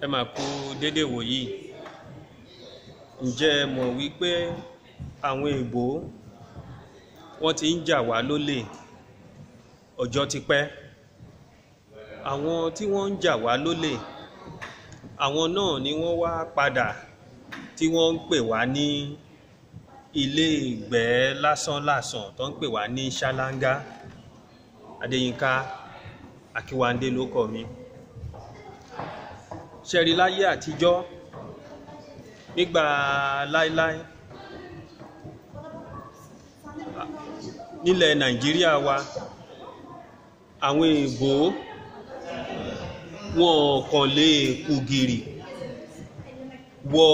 ẹ máa kú dédé wòyí ǹjẹ́ ẹ mọ̀ wípé àwọn èèbó wọ́n ti ń jà wá lólè ọjọ́ ti pẹ́ àwọn tí wọ́n ń jà wá lólè àwọn náà ni wọ́n wá padà tí wọ́n ń pè wá ní ilé ìgbẹ́ lásánlàsàn tó ń pè wá ní ṣáláńgá Adéyínká Akíwándé ló kọ mi ṣẹ̀rí láyé àtijọ́ nígbà láíláí nílẹ̀ nàìjíríà wa àwọn èèbó wọn kàn lè kùgìrì wọ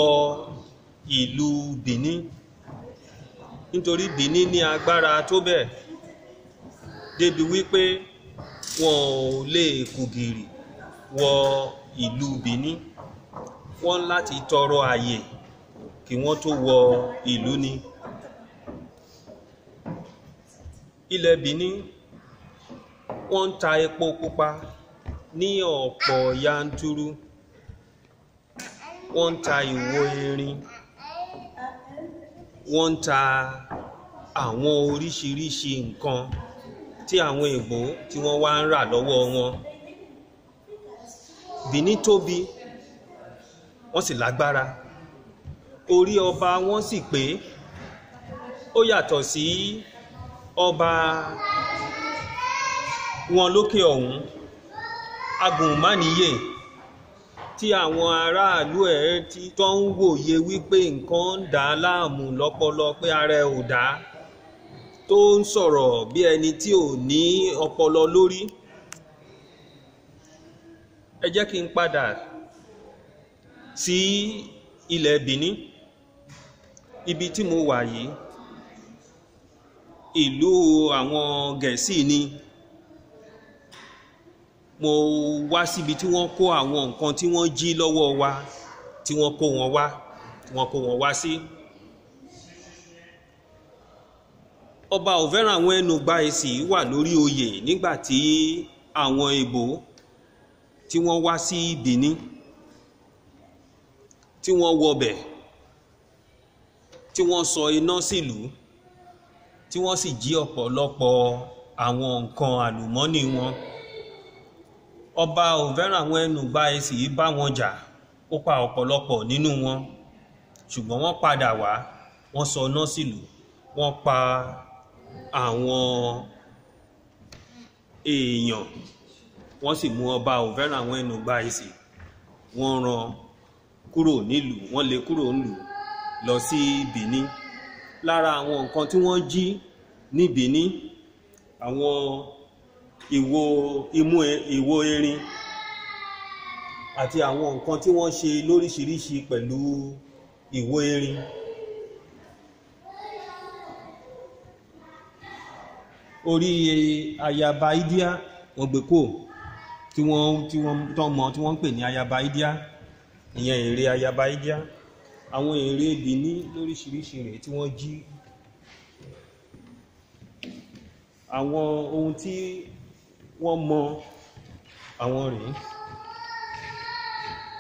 ìlú Benin nítorí Benin ní agbára tó bẹ́ẹ̀ débi wípé wọn ò lè kùgìrì wọ ìlú Benin wọ́n láti tọrọ àyè kí wọ́n tó wọ ìlú ni ilẹ̀ Benin wọ́n ń ta epo pupa ní ọ̀pọ̀ yanturu wọ́n ń ta ìwo erin wọ́n ń ta àwọn oríṣiríṣi nǹkan tí àwọn èèbó tí wọ́n wá ń rà lọ́wọ́ wọn. Benin tóbi wọ́n sì lágbára orí ọba wọn sì pé ó yàtọ̀ sí ọba wọn lókè ọ̀hún agùnmáníyè tí àwọn aráàlú ẹ̀ ti tó ń wòye wípé nǹkan ń dà á láàmú lọ́pọlọ pé ara ẹ̀ ò dá tó ń sọ̀rọ̀ bí ẹni tí ò ní ọpọlọ lórí ẹ jẹ́ kí n padà sí ilẹ̀ Benin ibi tí mo wà yìí ìlú àwọn gẹ̀ẹ́sì ni mo wá síbi tí wọ́n kó àwọn nǹkan tí wọ́n jí lọ́wọ́ wa tí wọ́n kó wọn wá tí wọ́n kó wọn wá sí. ọba òvẹ́ràn àwọn ẹnu gba èsì wà lórí oyè nígbà tí àwọn ìbò tí wọ́n wá sí Benin tí wọ́n wọbẹ̀ tí wọ́n sọ iná sílùú tí wọ́n sì jí ọ̀pọ̀lọpọ̀ àwọn nǹkan àlùmọ́nì wọn ọba ò fẹ́ràn àwọn ẹnùgbà ẹsì yìí bá wọn jà ó pa ọ̀pọ̀lọpọ̀ nínú wọn ṣùgbọ́n wọ́n padà wá wọ́n sọ iná sílùú wọ́n pa àwọn èèyàn wọ́n sì mú ọba òfẹ́ràn àwọn ẹnu gba èsì wọ́n rán kúrò nílùú wọ́n lé kúrò nílùú lọ sí Benin lára àwọn nǹkan tí wọ́n jí ní Benin àwọn ìwo imú e, ìwo erin àti àwọn nǹkan tí wọ́n ṣe lóríṣiríṣi pẹ̀lú ìwo erin. orí ayaba India wọ́n gbé kúrò tí wọ́n tí wọ́n tán mọ tí wọ́n ń pè ní ayaba india ìyẹn ère ayaba india àwọn ère Bìní lóríṣiríṣi rèé tí wọ́n jí àwọn ohun tí wọ́n mọ àwọn rèé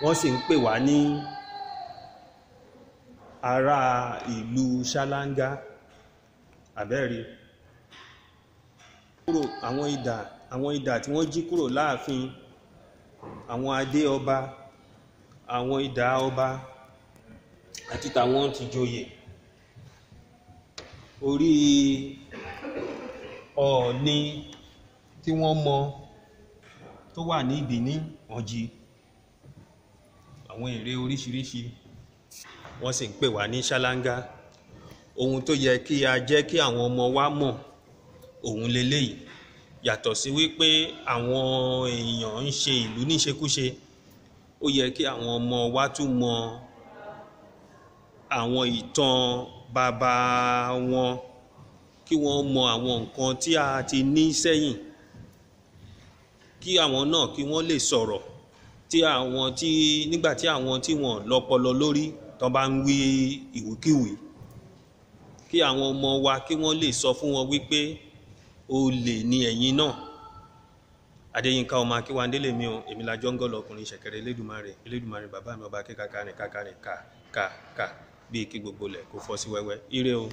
wọ́n sì ń pè wá ní ará ìlú ṣáláńgá àbẹ́rí àwọn idà àwọn idà tí wọ́n jí kúrò láàfin àwọn adé ọba àwọn idà ọba àti tàwọn ti joyè orí ọ̀ọ̀ni tí wọ́n mọ tó wà ní ìbíní ọ̀jì àwọn ère oríṣiríṣi wọ́n sì ń pè wá ní ṣáláńgá ohun tó yẹ kí a jẹ́ kí àwọn ọmọ wa mọ̀ òun leléyìí yàtọ̀ sí wípé àwọn èèyàn ń ṣe ìlú níṣekúṣe ó yẹ kí àwọn ọmọ wa tún mọ àwọn ìtàn bàbá wọn kí wọ́n mọ àwọn nǹkan tí a ti ní sẹ́yìn kí àwọn náà kí wọ́n lè sọ̀rọ̀ tí àwọn tí nígbà tí àwọn tí wọ́n lọ́pọlọ lórí tó bá ń wí ìwíkíwìí kí àwọn ọmọ wa kí wọ́n lè sọ fún wọn wípé olè ni ẹ̀yin náà adéyínká ọmọ akíwándé lèmi o èmi la jọ́ngọ̀lọ̀ ọkùnrin ṣẹ̀kẹ̀rẹ̀ elédùmarè elédùmarè bàbá mi ọba kíkàkà rìn kàkà rìn kà kà kà bíi kí gbogbo lẹ̀ kó fọ́ sí wẹ́wẹ́ ire o.